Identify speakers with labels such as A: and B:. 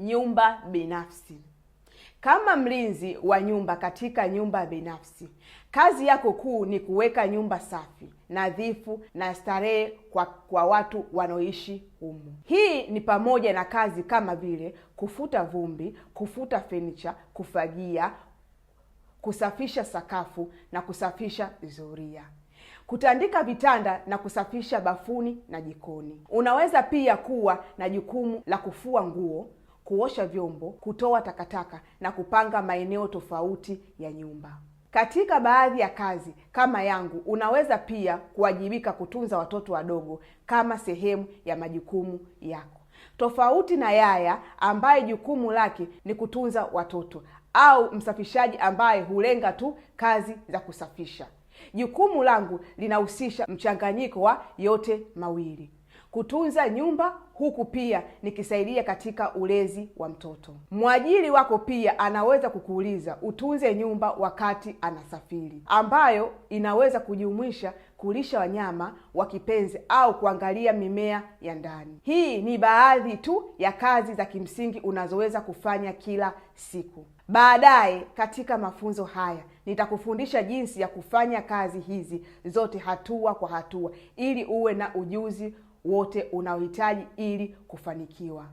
A: nyumba binafsi. Kama mlinzi wa nyumba katika nyumba binafsi, kazi yako kuu ni kuweka nyumba safi, nadhifu na starehe kwa, kwa watu wanaoishi humo. Hii ni pamoja na kazi kama vile kufuta vumbi, kufuta fenicha, kufagia, kusafisha sakafu na kusafisha zuria kutandika vitanda na kusafisha bafuni na jikoni. Unaweza pia kuwa na jukumu la kufua nguo, kuosha vyombo, kutoa takataka na kupanga maeneo tofauti ya nyumba. Katika baadhi ya kazi kama yangu, unaweza pia kuwajibika kutunza watoto wadogo kama sehemu ya majukumu yako, tofauti na yaya ambaye jukumu lake ni kutunza watoto au msafishaji ambaye hulenga tu kazi za kusafisha. Jukumu langu linahusisha mchanganyiko wa yote mawili kutunza nyumba huku pia nikisaidia katika ulezi wa mtoto. Mwajiri wako pia anaweza kukuuliza utunze nyumba wakati anasafiri, ambayo inaweza kujumuisha kulisha wanyama wa kipenzi au kuangalia mimea ya ndani. Hii ni baadhi tu ya kazi za kimsingi unazoweza kufanya kila siku. Baadaye katika mafunzo haya nitakufundisha jinsi ya kufanya kazi hizi zote hatua kwa hatua ili uwe na ujuzi wote unaohitaji ili kufanikiwa.